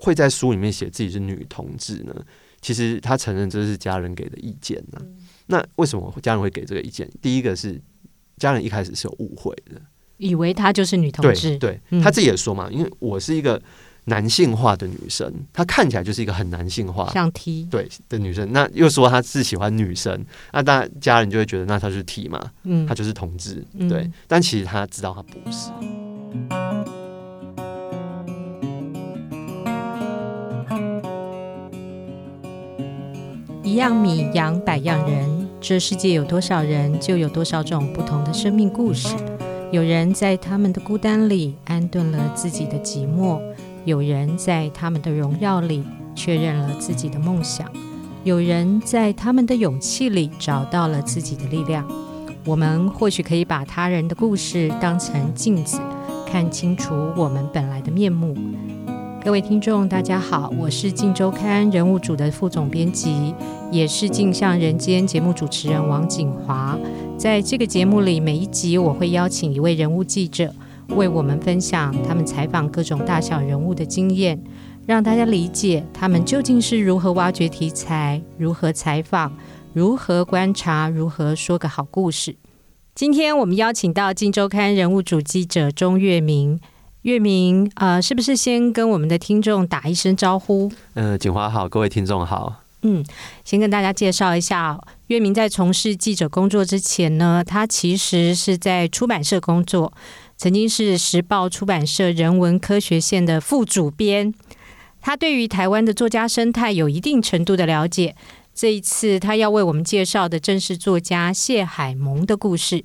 會在書裡面寫自己是女同志呢？其實他承認這是家人給的意見、啊嗯、那為什麼家人會給這個意見？第一個是家人一開始是有誤會的，以為她就是女同志。對她、嗯、自己也說嘛，因為我是一個男性化的女生，她看起來就是一個很男性化、像 T 對的女生。那又說她是喜歡女生，那大家人就會覺得那她是 T 嘛，她、嗯、就是同志。對，嗯、但其實他知道她不是。嗯一樣米養百樣人，這世界有多少人，就有多少種不同的生命故事。有人在他們的孤單裡安頓了自己的寂寞，有人在他們的榮耀裡確認了自己的夢想，有人在他們的勇氣裡找到了自己的力量。我們或許可以把他人的故事當成鏡子，看清楚我們本來的面目。各位聽眾，大家好，我是《鏡週刊》人物組的副總編輯，也是《鏡像人間》節目主持人王景華。在這個節目裡，每一集我會邀請一位人物記者，為我們分享他們採訪各種大小人物的經驗，讓大家理解他們究竟是如何挖掘題材、如何採訪、如何觀察、如何說個好故事。今天我們邀請到《鏡週刊》人物組記者鍾月明。月明，呃，是不是先跟我們的聽眾打一聲招呼？呃，景華好，各位聽眾好。嗯，先跟大家介紹一下，月明在從事記者工作之前呢，他其實是在出版社工作，曾經是時報出版社人文科學線的副主編。他對於台灣的作家生態有一定程度的了解。這一次他要為我們介紹的正是作家謝海盟的故事。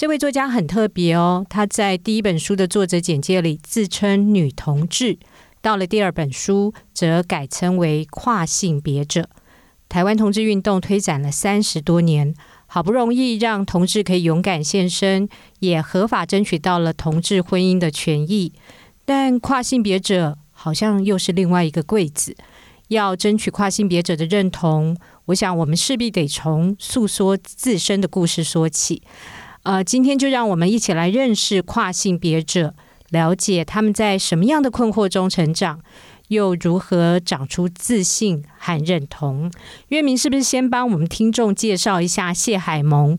這位作家很特別哦，他在第一本書的作者簡介裡自稱女同志，到了第二本書則改稱為跨性別者。台灣同志運動推展了三十多年，好不容易讓同志可以勇敢現身，也合法爭取到了同志婚姻的權益，但跨性別者好像又是另外一個櫃子，要爭取跨性別者的認同，我想我們勢必得從訴說自身的故事說起。呃，今天就讓我們一起來認識跨性別者，了解他們在什麼樣的困惑中成長，又如何長出自信和認同。月明是不是先幫我們聽眾介紹一下謝海盟？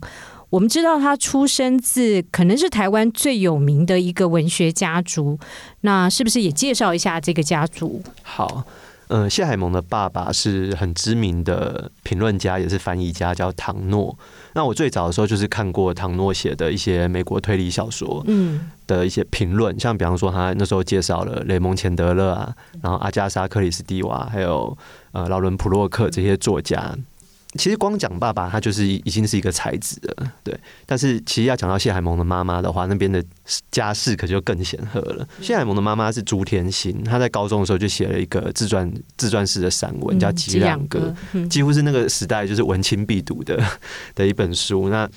我們知道他出生自可能是台灣最有名的一個文學家族，那是不是也介紹一下這個家族？好。嗯、呃，謝海盟的爸爸是很知名的評論家，也是翻譯家，叫唐諾。那我最早的時候就是看過唐諾寫的一些美國推理小說，嗯，的一些評論，嗯、像比方說他那時候介紹了雷蒙·錢德勒啊，然後阿加莎·克里斯蒂娃，還有呃勞倫·普洛克這些作家。嗯其實光講爸爸，他就是已經是一個才子了，對。但是其實要講到謝海盟的媽媽的話，那邊的家世可就更顯赫了。嗯、謝海盟的媽媽是朱天心，她在高中的時候就寫了一個自傳自傳式的散文叫《擊壤歌》，叫、嗯《擊壤歌》幾乎是那個時代就是文青必讀的的一本書。那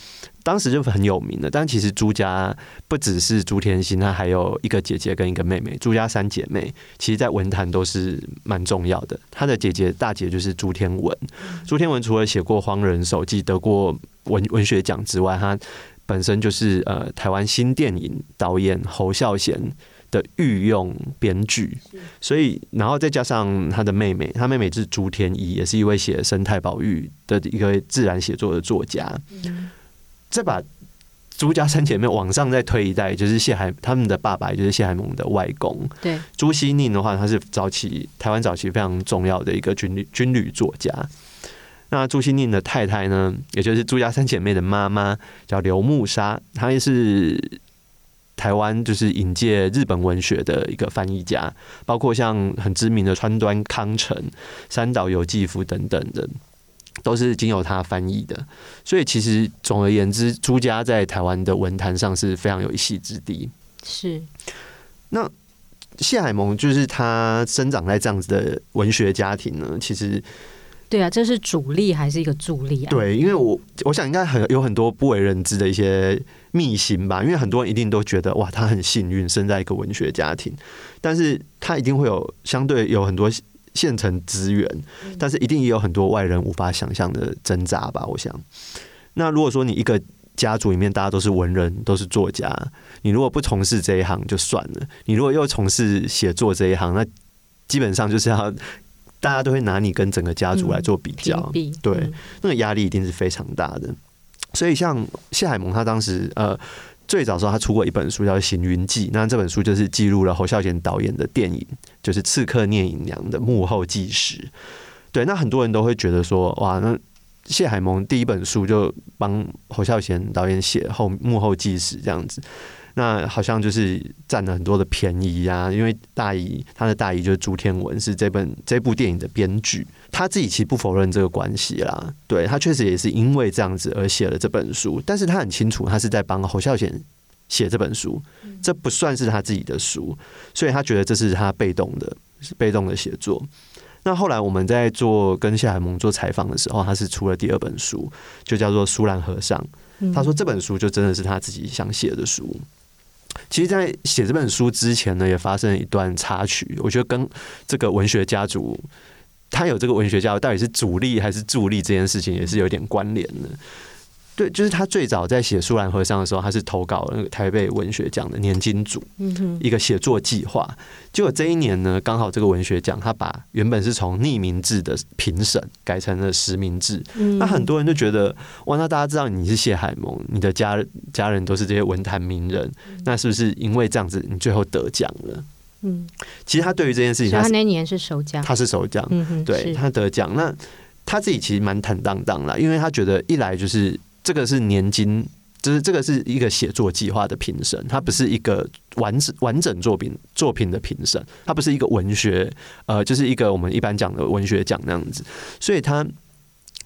當時就很有名的，但其實朱家不只是朱天心，他還有一個姐姐跟一個妹妹，朱家三姐妹，其實在文壇都是蠻重要的。他的姐姐大姐就是朱天文，嗯、朱天文除了寫過《荒人手記》得過文文學獎之外，他本身就是呃台灣新電影導演侯孝賢的御用編劇，是所以然後再加上他的妹妹，他妹妹是朱天衣，也是一位寫生態保育的一個自然寫作的作家。嗯再把朱家三姐妹往上再推一代，就是謝海他們的爸爸，就是謝海盟的外公。對，朱西甯的話，他是早期台灣早期非常重要的一個軍旅軍旅作家。那朱西甯的太太呢，也就是朱家三姐妹的媽媽，叫劉慕沙，她也是台灣就是引介日本文學的一個翻譯家，包括像很知名的川端康成、三島由紀夫等等的。都是經由他翻譯的，所以其實總而言之，朱家在台灣的文壇上是非常有一席之地。是。那謝海盟就是他生長在這樣子的文學家庭呢，其實，對啊，這是主力還是一個助力啊？對，因為我我想應該很有很多不為人知的一些秘辛吧，因為很多人一定都覺得哇，他很幸運生在一個文學家庭，但是他一定會有相對有很多。現成資源，但是一定也有很多外人無法想象的掙扎吧？我想。那如果說你一個家族裡面大家都是文人，都是作家，你如果不從事這一行就算了，你如果又從事寫作這一行，那基本上就是要大家都會拿你跟整個家族來做比較，嗯嗯、對，那個壓力一定是非常大的。所以像謝海盟他當時呃。最早的時候，他出過一本書叫《行雲記》，那這本書就是記錄了侯孝賢導演的電影，就是《刺客聶隱娘》的幕後紀實。對，那很多人都會覺得說，哇，那謝海盟第一本書就幫侯孝賢導演寫後幕後紀實這樣子。那好像就是佔了很多的便宜啊，因為大姨，他的大姨就是朱天文，是這本這部電影的編劇，他自己其實不否認這個關係啦。對，他確實也是因為這樣子而寫了這本書，但是他很清楚他是在幫侯孝賢寫這本書，這不算是他自己的書，所以他覺得這是他被動的、被動的寫作。那後來我們在做跟謝海盟做採訪的時候，他是出了第二本書，就叫做《舒蘭河上》，他說這本書就真的是他自己想寫的書。其實，在寫這本書之前呢，也發生了一段插曲。我覺得跟這個文學家族，他有這個文學家到底是主力還是助力這件事情，也是有點關聯的。對，就是他最早在寫《舒蘭河上》的時候，他是投稿那個台北文學獎的年金組，一個寫作計劃。結果這一年呢，剛好這個文學獎他把原本是從匿名制的評審改成了實名制。那很多人就覺得，哇，那大家知道你是謝海盟，你的家家人都是這些文壇名人，那是不是因為這樣子，你最後得獎了？嗯，其實他對於這件事情，他那年是首獎，他是首獎，對，他得獎，那他自己其實蠻坦蕩蕩了，因為他覺得一來就是。這個是年金，就是這個是一個寫作計劃的評審，它不是一個完整完整作品作品的評審，它不是一個文學，呃，就是一個我們一般講的文學獎那樣子。所以他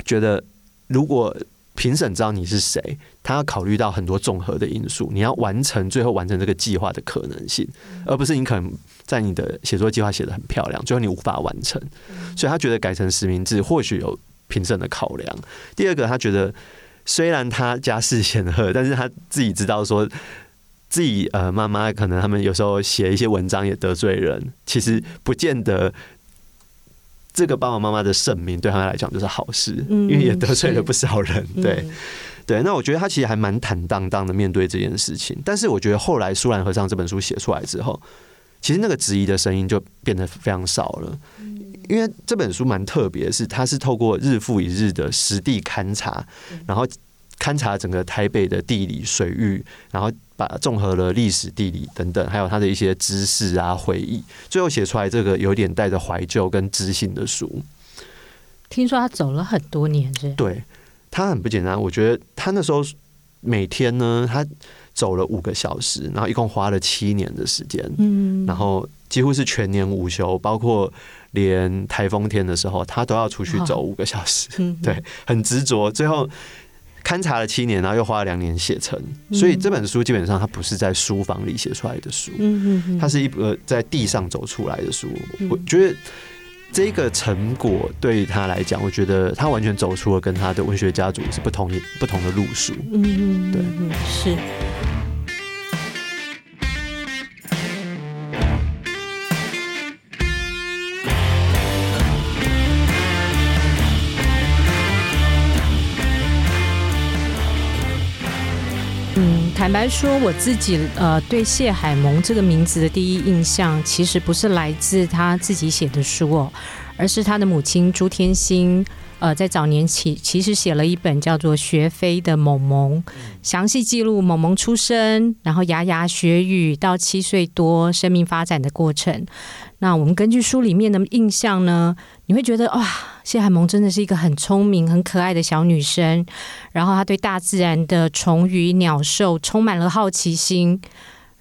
覺得，如果評審知道你是誰，他要考慮到很多綜合的因素，你要完成最後完成這個計劃的可能性，而不是你可能在你的寫作計劃寫得很漂亮，最後你無法完成。所以他覺得改成實名制或許有評審的考量。第二個，他覺得。雖然他家世顯赫，但是他自己知道說，自己呃媽媽可能他們有時候寫一些文章也得罪人，其實不見得這個爸爸媽媽的盛名，對他們來講就是好事，嗯、因為也得罪了不少人。是對，嗯、對，那我覺得他其實還蠻坦蕩蕩的面對這件事情，但是我覺得後來《舒蘭河上》這本書寫出來之後，其實那個質疑的聲音就變得非常少了。嗯因為這本書蠻特別的是他是透過日復一日的實地勘察，然後勘察整個台北的地理水域，然後把綜合了歷史、地理等等，還有他的一些知識啊回憶，最後寫出來這個有點帶着懷舊跟知性的書。聽說他走了很多年，對，他很不簡單。我覺得他那時候每天呢，他走了五個小時，然後一共花了七年的時間，然後。幾乎是全年無休，包括連台風天的時候，他都要出去走五個小時。啊嗯、對，很執着。最後勘察了七年，然後又花了兩年寫成。嗯、哼所以這本書基本上他不是在書房裡寫出來的書，他、嗯、它是一個在地上走出來的書。嗯、哼我覺得這個成果對他來講，我覺得他完全走出了跟他的文學家族是不同的不同的路數。嗯哼，對，是。坦白說，我自己呃對謝海盟這個名字的第一印象，其實不是來自他自己寫的書哦，而是他的母親朱天心，呃，在早年其其實寫了一本叫做《學飛的盟盟》，詳細記錄盟盟出生，然後牙牙學語到七歲多生命發展的過程。那我們根據書裡面的印象呢，你會覺得哇！謝海盟真的是一個很聰明、很可愛的小女生，然後她對大自然的蟲、魚、鳥、獸充滿了好奇心，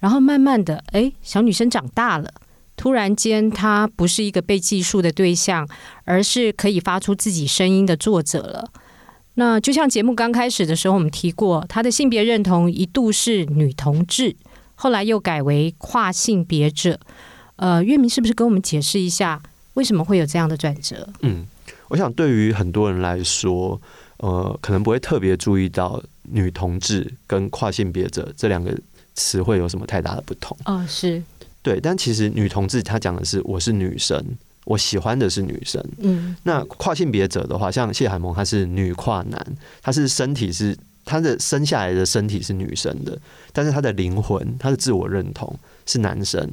然後慢慢的，誒，小女生長大了，突然間她不是一個被記述的對象，而是可以發出自己聲音的作者了。那就像節目剛開始的時候，我們提過，她的性別認同一度是女同志，後來又改為跨性別者。呃，月明是不是跟我們解釋一下，為什麼會有這樣的轉折？嗯。我想，對於很多人來說，呃，可能不會特別注意到“女同志”跟“跨性別者”這兩個詞彙有什麼太大的不同啊、哦。是對，但其實“女同志”她講的是我是女生，我喜歡的是女生。嗯，那“跨性別者”的話，像謝海盟，她是女跨男，她是身體是她的生下來的身體是女生的，但是她的靈魂，她的自我認同是男生。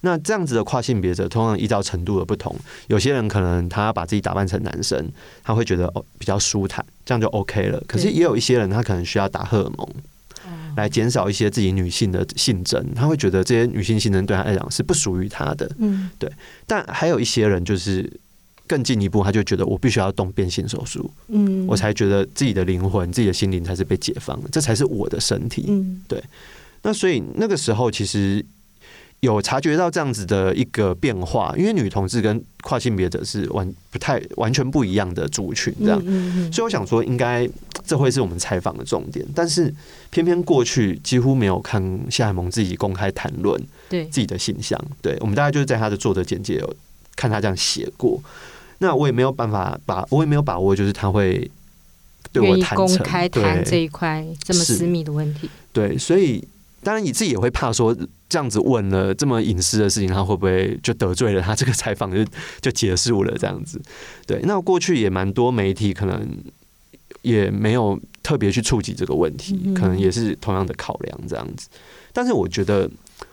那這樣子的跨性別者，通常依照程度的不同，有些人可能他把自己打扮成男生，他會覺得哦，比較舒坦，這樣就 OK 了。可是也有一些人，他可能需要打荷爾蒙，來減少一些自己女性的性徵，他會覺得這些女性性徵對他來講是不屬於他的。嗯，對。但還有一些人，就是更進一步，他就覺得我必須要動變性手術，嗯，我才覺得自己的靈魂、自己的心靈才是被解放的，這才是我的身體。對。那所以那個時候，其實。有察覺到這樣子的一個變化，因為女同志跟跨性別者是完不太，不太完全不一樣的族群，這樣，嗯嗯嗯，所以我想說，應該這會是我們採訪的重點。但是偏偏過去幾乎沒有看謝海盟自己公開談論自己的形象。對，對，我們大概就是在他的作者簡介有看他這樣寫過。那我也沒有辦法把，把我也沒有把握，就是他會對我坦誠，對這一塊這麼私密的問題。對，對，所以。當然，你自己也會怕說這樣子問了這麼隱私的事情，他會不會就得罪了他？這個採訪就就結束了這樣子。對，那過去也蠻多媒體可能也沒有特別去觸及這個問題，可能也是同樣的考量這樣子。但是我覺得，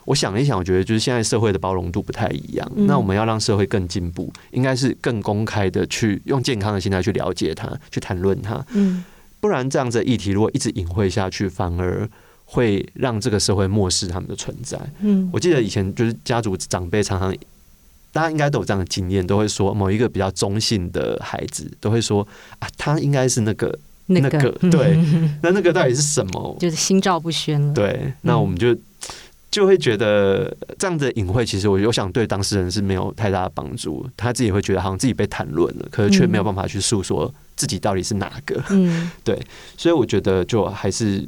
我想一想，我覺得就是現在社會的包容度不太一樣。那我們要讓社會更進步，應該是更公開的去用健康的心態去了解他，去談論他。不然這樣子的議題如果一直隱晦下去，反而。會讓這個社會漠視他們的存在。嗯，我記得以前就是家族長輩常常，大家應該都有這樣的經驗，都會說某一個比較中性的孩子，都會說啊，他應該是那個那個、那個、對，嗯、那那個到底是什麼？嗯、就是心照不宣了。對，那我們就、嗯、就會覺得這樣子的隱晦，其實我有想對當事人是沒有太大的幫助。他自己會覺得好像自己被談論了，可是卻沒有辦法去訴說自己到底是哪個。嗯、對，所以我覺得就還是。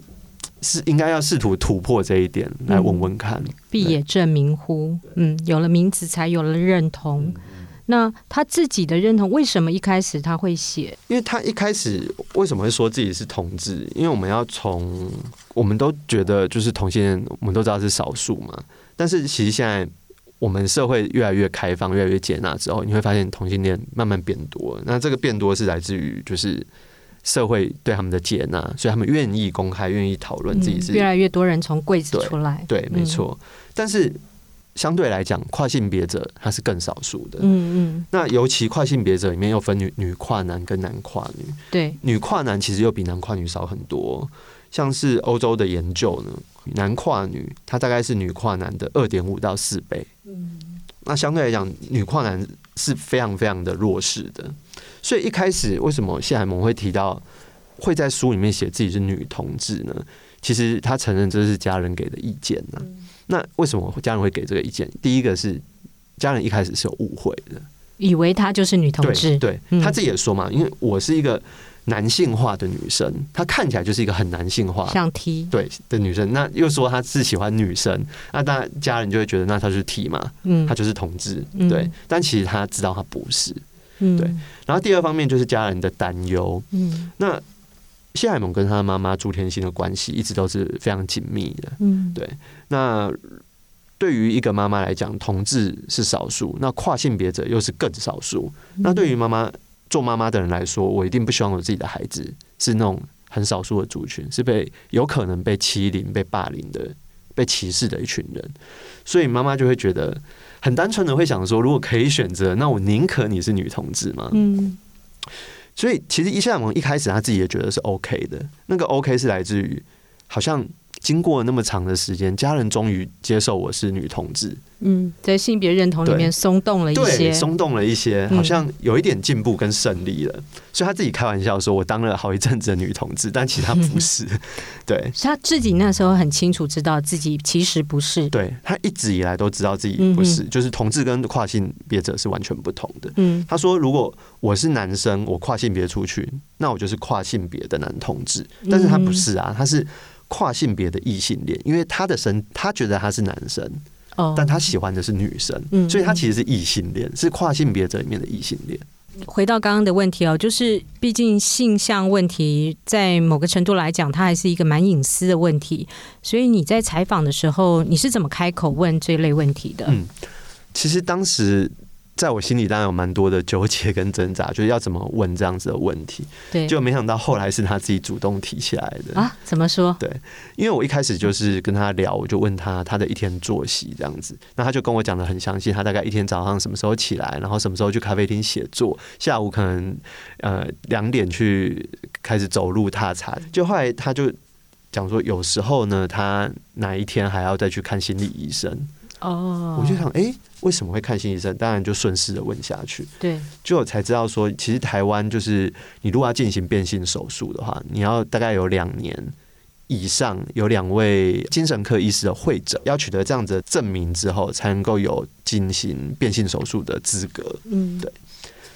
是應該要試圖突破這一點來問問看，必也正名乎？嗯，有了名字才有了認同。嗯、那他自己的認同，為什麼一開始他會寫？因為他一開始為什麼會說自己是同志？因為我們要從，我們都覺得就是同性戀，我們都知道是少數嘛。但是其實現在我們社會越來越開放，越來越接納之後，你會發現同性戀慢慢變多。那這個變多是來自於就是。社會對他們的接納，所以他們願意公開、願意討論自己是、嗯、越來越多人從櫃子出來，對，對，沒錯。嗯、但是相對來講，跨性別者他是更少數的，嗯嗯。嗯，那尤其跨性別者裡面又分女女跨男跟男跨女，對，女跨男其實又比男跨女少很多。像是歐洲的研究呢，男跨女他大概是女跨男的二點五到四倍，嗯，那相對來講，女跨男。是非常非常的弱勢的，所以一開始為什麼謝海盟會提到會在書裡面寫自己是女同志呢？其實他承認這是家人給的意見呢、啊。那為什麼家人會給這個意見？第一個是家人一開始是有誤會的，以為他就是女同志。對，他自己也說嘛，嗯、因為我是一個。男性化的女生，她看起來就是一個很男性化、像 T 對的女生。那又說她是喜歡女生，那當然家人就會覺得，那她就是 T 嘛？嗯，她就是同志，對。嗯、但其實她知道她不是，對。然後第二方面就是家人的擔憂。嗯，那謝海盟跟她的媽媽朱天心的關係一直都是非常緊密的。嗯，對。那對於一個媽媽來講，同志是少數，那跨性別者又是更少數。那對於媽媽。做媽媽的人來說，我一定不希望我自己的孩子是那種很少數的族群，是被有可能被欺凌、被霸凌的、被歧視的一群人。所以媽媽就會覺得很單純的會想說，如果可以選擇，那我寧可你是女同志嘛？嗯。所以其實一向往一開始她自己也覺得是 OK 的，那個 OK 是來自於好像。經過了那麼長的時間，家人終於接受我是女同志。嗯，在性別認同裡面鬆動了一些，鬆動了一些，好像有一點進步跟勝利了。嗯、所以他自己開玩笑說：“我當了好一陣子的女同志，但其實不是。嗯”對，所以他自己那時候很清楚知道自己其實不是。對，他一直以來都知道自己不是，嗯、就是同志跟跨性別者是完全不同的。嗯，他說：“如果我是男生，我跨性別出去，那我就是跨性別的男同志。”但是他不是啊，他是。跨性別的異性戀，因為他的身，他覺得他是男生，oh, 但他喜歡的是女生，嗯嗯，所以他其實是異性戀，是跨性別者裡面的異性戀。回到剛剛的問題哦，就是畢竟性向問題，在某個程度來講，它還是一個蠻隱私的問題，所以你在採訪的時候，你是怎麼開口問這類問題的？嗯，其實當時。在我心裡當然有蠻多的糾結跟掙扎，就是要怎麼問這樣子的問題。對，就沒想到後來是他自己主動提起來的啊？怎麼說？對，因為我一開始就是跟他聊，我就問他他的一天作息這樣子，那他就跟我講得很詳細，他大概一天早上什麼時候起來，然後什麼時候去咖啡廳寫作，下午可能呃兩點去開始走路踏查，就後來他就講說，有時候呢，他哪一天還要再去看心理醫生。哦，oh. 我就想，哎、欸，為什麼會看心理醫生？當然就順勢的問下去，對，就我才知道說，其實台灣就是，你如果要進行變性手術的話，你要大概有兩年以上，有兩位精神科醫師的會診，要取得這樣子的證明之後，才能夠有進行變性手術的資格。嗯，對，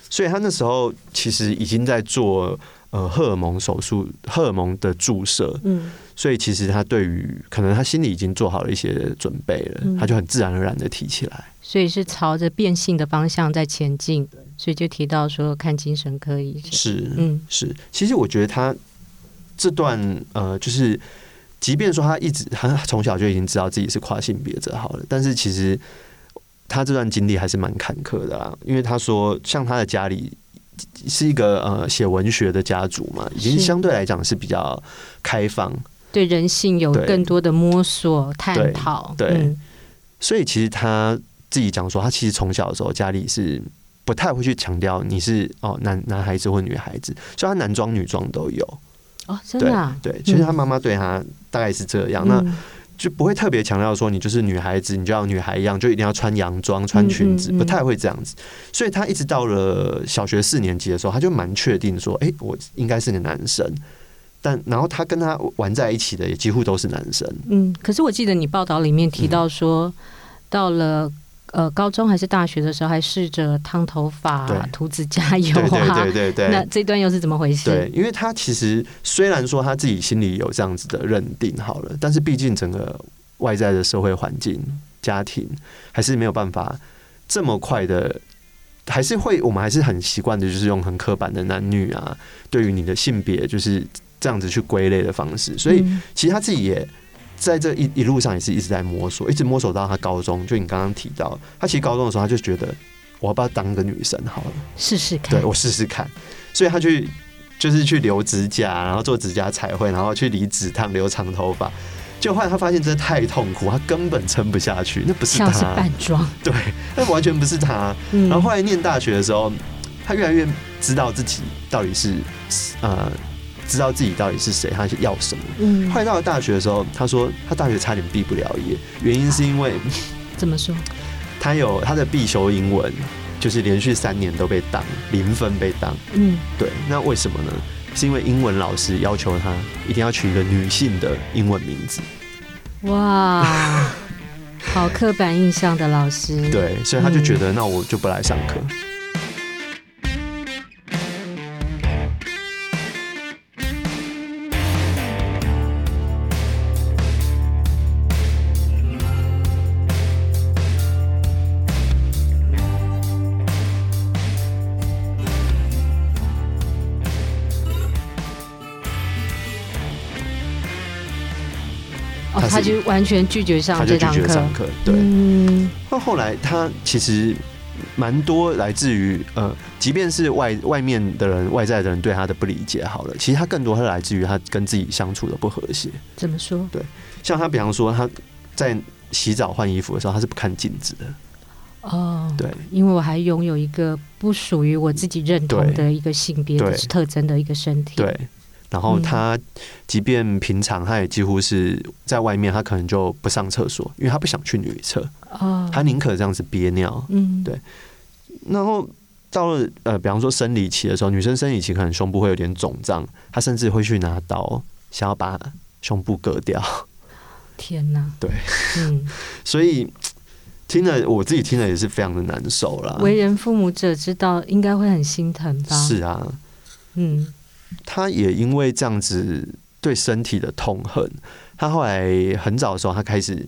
所以他那時候其實已經在做呃荷爾蒙手術，荷爾蒙的注射，嗯。所以其實他對於可能他心裡已經做好了一些準備了，嗯、他就很自然而然的提起來。所以是朝着變性的方向在前進，對所以就提到說看精神科醫生。是，嗯，是。其實我覺得他這段呃，就是即便說他一直很從小就已經知道自己是跨性別者好了，但是其實他這段經歷還是蠻坎坷的啊。因為他說，像他的家裡是一個呃寫文學的家族嘛，已經相對來講是比較開放。對人性有更多的摸索，對探討討。對，嗯、所以其實他自己講說，他其實從小的時候家裡是不太會去強調你是哦男男孩子或女孩子，所以他男裝女裝都有。哦，真的、啊對。對，其實他媽媽對他大概是這樣，嗯、那就不會特別強調說你就是女孩子，你就要女孩一樣，就一定要穿洋裝、穿裙子，嗯嗯嗯不太會這樣子。所以他一直到了小學四年級的時候，他就蠻確定說，哎、欸，我應該是個男生。但然後他跟他玩在一起的也幾乎都是男生。嗯，可是我記得你報道裡面提到說，嗯、到了呃高中還是大學的時候，還試着燙頭髮、啊、塗指甲油、啊、對，對，對對對對，那這段又是怎麼回事？對，因為他其實雖然說他自己心裡有這樣子的認定好了，但是畢竟整個外在的社會環境、家庭還是沒有辦法這麼快的，還是會我們還是很習慣的，就是用很刻板的男女啊，對於你的性別就是。這樣子去歸類的方式，所以其實他自己也在這一一路上也是一直在摸索，一直摸索到他高中。就你剛剛提到，他其實高中的時候他就覺得，我要不要當個女生好了，試試看。對，我試試看。所以他去就是去留指甲，然後做指甲彩繪，然後去離子燙留長頭髮。就後來他發現真的太痛苦，他根本撐不下去。那不是他，是扮裝。 對，那完全不是他。嗯、然後後來念大學的時候，他越來越知道自己到底是呃。知道自己到底是誰，他是要什麼。嗯，後來到了大學的時候，他說他大學差點畢不了業，原因是因為怎麼說？他有他的必修英文，就是連續三年都被當，零分被當。嗯，對，那為什麼呢？是因為英文老師要求他一定要取一個女性的英文名字。哇， 好刻板印象的老師。對，所以他就覺得，嗯、那我就不來上課。就完全拒絕上這堂課，對。那、嗯、後來他其實蠻多來自於呃，即便是外外面的人，外在的人對他的不理解，好了，其實他更多是來自於他跟自己相處的不和諧。怎麼說？對，像他比方說他在洗澡換衣服的時候，他是不看鏡子的。哦，對，因為我還擁有一個不屬於我自己認同的一個性別對特徵的一個身體。對。然後他即便平常他也幾乎是在外面，他可能就不上廁所，因為他不想去女廁。他寧可這樣子憋尿。嗯，對。然後到了呃，比方說生理期的時候，女生生理期可能胸部會有點腫脹，他甚至會去拿刀想要把胸部割掉。天哪！對，嗯，所以聽了我自己聽了也是非常的難受啦。為人父母者知道應該會很心疼吧？是啊，嗯。他也因為這樣子對身體的痛恨，他後來很早的時候，他開始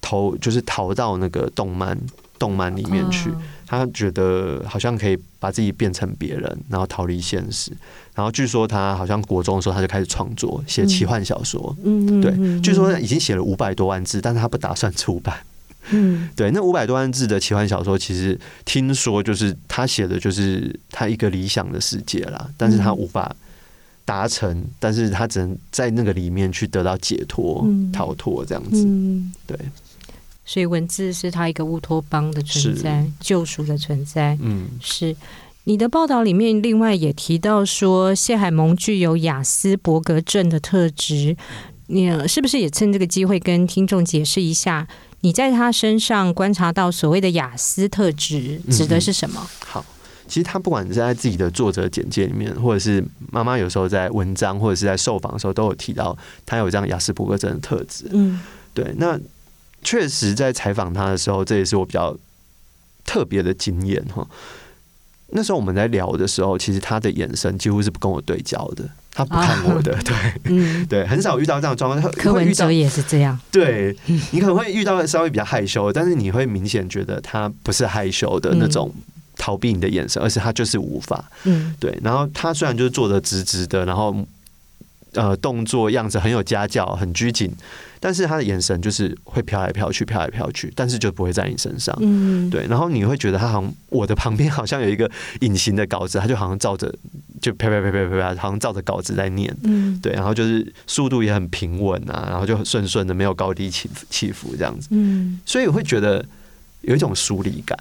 投就是逃到那個動漫動漫裡面去。他覺得好像可以把自己變成別人，然後逃離現實。然後據說他好像國中的時候他就開始創作寫奇幻小說，嗯，對，嗯，據說他已經寫了五百多萬字，但是他不打算出版。嗯，對，那五百多萬字的奇幻小說，其實聽說就是他寫的就是他一個理想的世界啦，但是他無法。達成，但是他只能在那個裡面去得到解脫、嗯、逃脫這樣子。嗯、對，所以文字是他一個烏托邦的存在，救贖是的存在。嗯，是。你的報道裡面另外也提到說，謝海盟具有亞斯伯格症的特質。你是不是也趁這個機會跟聽眾解釋一下，你在他身上觀察到所謂的亞斯特質指的是什麼？嗯、好。其實他不管是在自己的作者簡介裡面，或者是媽媽有時候在文章或者是在受訪的時候，都有提到他有這樣亞斯伯格症的特質。嗯，對。那確實在採訪他的時候，這也是我比較特別的經驗哈。那時候我們在聊的時候，其實他的眼神幾乎是不跟我對焦的，他不看我的。啊、對，嗯、對，很少遇到這樣的狀況。會遇到柯文哲也是這樣。對，你可能會遇到稍微比較害羞，但是你會明顯覺得他不是害羞的那種、嗯。逃避你的眼神，而是他就是無法。嗯，對。然後他雖然就是坐得直直的，然後呃動作樣子很有家教，很拘謹，但是他的眼神就是會飄來飄去，飄來飄去，但是就不會在你身上。嗯，對。然後你會覺得他好像我的旁邊好像有一個隱形的稿子，他就好像照着就啪啪啪啪啪啪，好像照着稿子在念。嗯，對。然後就是速度也很平穩啊，然後就很順順的，沒有高低起起伏這樣子。嗯，所以我會覺得有一種疏離感。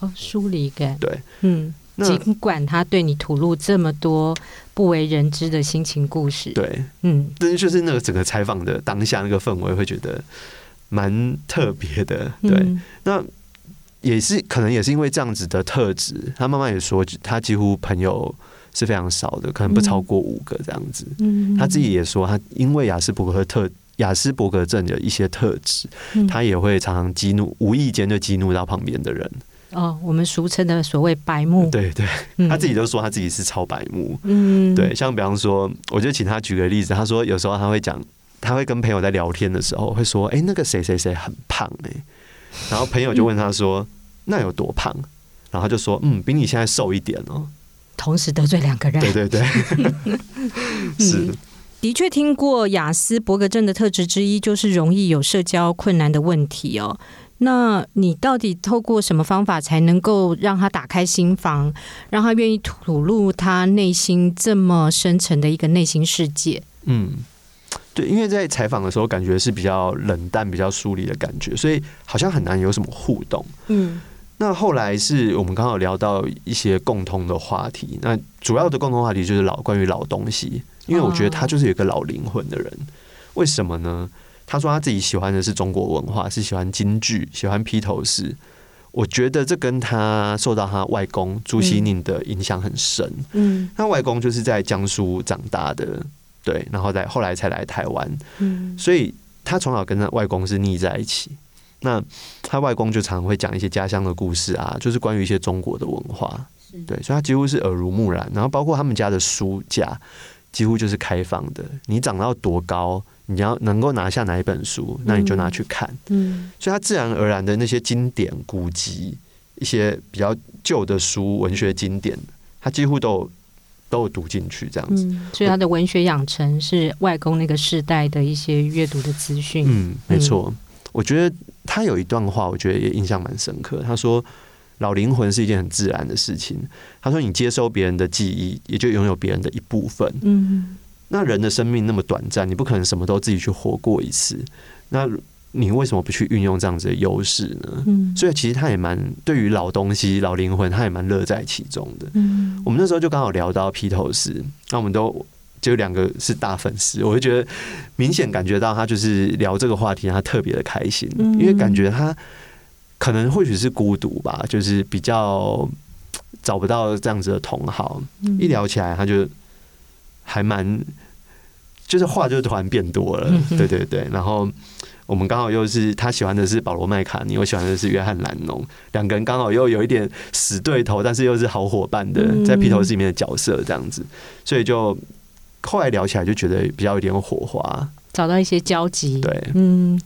哦，疏離感。對，嗯，那，儘管他對你吐露這麼多不為人知的心情故事，對，嗯，但是就是那個整個採訪的當下那個氛圍，會覺得蠻特別的。對，嗯、那也是可能也是因為這樣子的特質，他媽媽也說，他幾乎朋友是非常少的，可能不超過五個這樣子。嗯，他自己也說，他因為亞斯伯格特，亞斯伯格症的一些特質，嗯、他也會常常激怒，無意間就激怒到旁邊的人。哦，oh, 我們俗稱的所謂白目，對對，嗯、他自己都說他自己是超白目，嗯，對，像比方說，我就請他舉個例子，他說有時候他會講，他會跟朋友在聊天的時候會說，哎，那個誰誰誰很胖哎、欸，然後朋友就問他說，嗯、那有多胖？然後他就說，嗯，比你現在瘦一點哦。同時得罪兩個人，對對對， 是、嗯、的確聽過亞斯伯格症的特質之一，就是容易有社交困難的問題哦。那你到底透過什麼方法才能夠讓他打開心房，讓他願意吐露他內心這麼深沉的一個內心世界？嗯，對，因為在採訪的時候感覺是比較冷淡、比較疏離的感覺，所以好像很難有什麼互動。嗯，那後來是我們剛好聊到一些共通的話題，那主要的共同話題就是老關於老東西，因為我覺得他就是一個老靈魂的人，啊、為什麼呢？他說他自己喜歡的是中國文化，是喜歡京劇，喜歡披頭士。我覺得這跟他受到他外公朱西甯的影響很深。嗯，他外公就是在江蘇長大的，對，然後在後來才來台灣。嗯，所以他從小跟他外公是膩在一起。那他外公就常常會講一些家鄉的故事啊，就是關於一些中國的文化。是對，所以他幾乎是耳濡目染。然後包括他們家的書架幾乎就是開放的，你長到多高？你要能夠拿下哪一本書，那你就拿去看。嗯，嗯，所以他自然而然的那些經典古籍，一些比較舊的書、文學經典，他幾乎都有都有讀進去這樣子。嗯，所以他的文學養成是外公那個世代的一些閱讀的資訊。我嗯，沒錯。我覺得他有一段話，我覺得也印象蠻深刻。他說：“老靈魂是一件很自然的事情。”他說：“你接收別人的記憶，也就擁有別人的一部分。”嗯。那人的生命那麼短暫，你不可能什麼都自己去活過一次。那你為什麼不去運用這樣子的優勢呢？嗯，所以其實他也蠻對於老東西、老靈魂，他也蠻樂在其中的。嗯，我們那時候就剛好聊到披頭士，os, 那我們都就兩個是大粉絲，我就覺得明顯感覺到他就是聊這個話題，他特別的開心，嗯，因為感覺他可能或許是孤獨吧，就是比較找不到這樣子的同好。一聊起來，他就。還蠻，就是話就突然變多了，嗯、哼對對對。然後我們剛好又是他喜歡的是保羅麥卡尼，我喜歡的是約翰蘭農，兩個人剛好又有一點死對頭，但是又是好夥伴的，在披頭士裡面的角色這樣子，所以就後來聊起來就覺得比較有點火花，找到一些交集。對，嗯，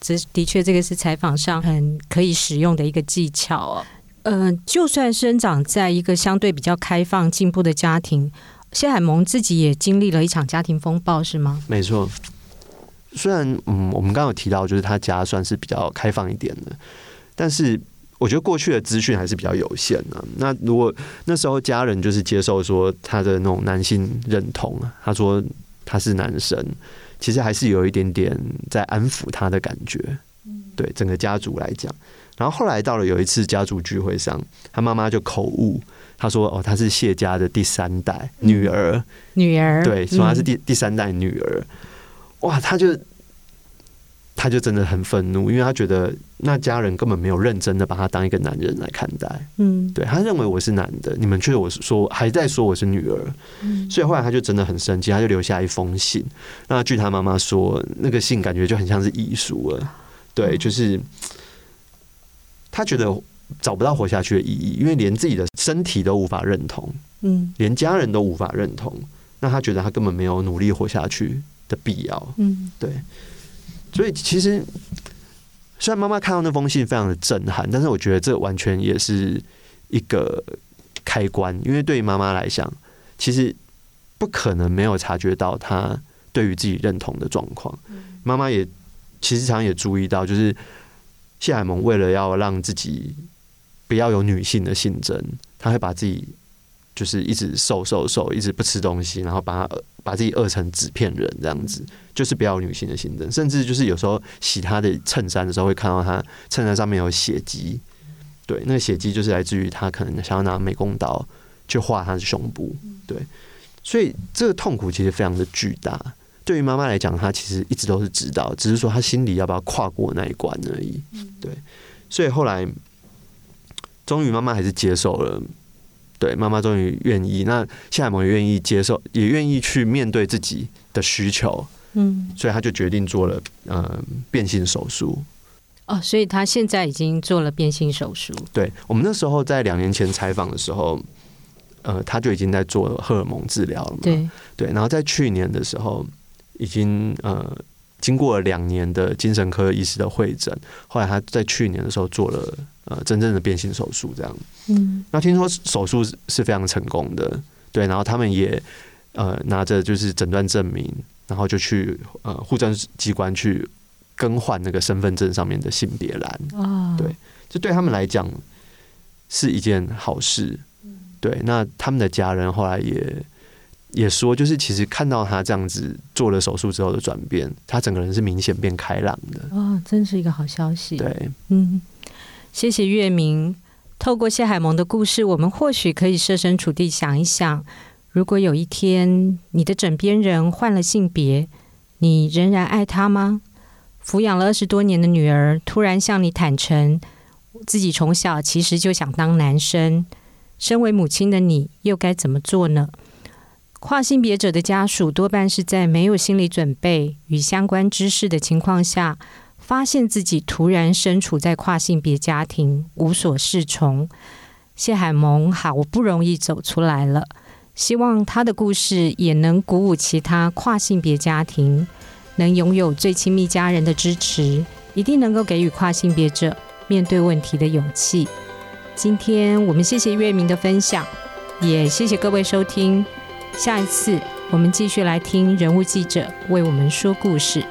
這的確這個是採訪上很可以使用的一個技巧哦、呃。就算生長在一個相對比較開放、進步的家庭。謝海盟自己也經歷了一場家庭風暴，是嗎？沒錯，雖然嗯，我們剛剛有提到，就是他家算是比較開放一點的，但是我覺得過去的資訊還是比較有限的啊，那如果那時候家人就是接受說他的那種男性認同，他說他是男生，其實還是有一點點在安撫他的感覺。嗯，對整個家族來講，然後後來到了有一次家族聚會上，他媽媽就口誤，他說：“哦，他是謝家的第三代女兒。”女兒對，說她是第、嗯、第三代女兒。哇，他就他就真的很憤怒，因為他覺得那家人根本沒有認真的把他當一個男人來看待。嗯，對，他認為我是男的，你們卻我是說還在說我是女兒。所以後來他就真的很生氣，他就留下一封信。那據他媽媽說，那個信感覺就很像是遺書了。對，就是。他覺得找不到活下去的意義，因為連自己的身體都無法認同，嗯，連家人都無法認同，那他覺得他根本沒有努力活下去的必要，嗯，對。所以其實，雖然媽媽看到那封信非常的震撼，但是我覺得這完全也是一個開關，因為對於媽媽來講，其實不可能沒有察覺到她對於自己認同的狀況。媽媽也其實常常也注意到，就是。謝海盟為了要讓自己不要有女性的性徵，他會把自己就是一直瘦瘦瘦瘦，一直不吃東西，然後把他把自己餓成紙片人這樣子，就是不要有女性的性徵。甚至就是有時候洗他的襯衫的時候，會看到他襯衫上面有血跡。對，那個血跡就是來自於他可能想要拿美工刀去劃他的胸部。對，所以這個痛苦其實非常的巨大。對於媽媽來講，她其實一直都是知道，只是說她心裡要不要跨過那一關而已。對，所以後來終於媽媽還是接受了，對，媽媽終於願意，那謝海盟也願意接受，也願意去面對自己的需求。嗯，所以她就決定做了呃變性手術。哦，所以她現在已經做了變性手術。對，我們那時候在兩年前採訪的時候，呃，她就已經在做荷爾蒙治療了嘛。對，對，然後在去年的時候。已經呃，經過了兩年的精神科醫師的會診，後來他在去年的時候做了呃真正的變性手術，這樣。嗯、那聽說手術是非常成功的，對。然後他們也呃拿着就是診斷證明，然後就去呃戶政機關去更換那個身份證上面的性別欄。啊、哦，對，這對他們來講是一件好事。對。那他們的家人後來也。也說，就是其實看到他這樣子做了手術之後的轉變，他整個人是明顯變開朗的。啊、哦。真是一個好消息！對，嗯，謝謝月明。透過謝海盟的故事，我們或許可以設身處地想一想：如果有一天你的枕邊人換了性別，你仍然愛他嗎？撫養了二十多年的女兒突然向你坦誠自己從小其實就想當男生，身為母親的你又該怎麼做呢？跨性別者的家屬多半是在沒有心理準備與相關知識的情況下，發現自己突然身處在跨性別家庭，無所適從。謝海盟好我不容易走出來了，希望他的故事也能鼓舞其他跨性別家庭，能擁有最親密家人的支持，一定能夠給予跨性別者面對問題的勇氣。今天我們謝謝月明的分享，也謝謝各位收聽。下一次，我們繼續來聽人物記者為我們說故事。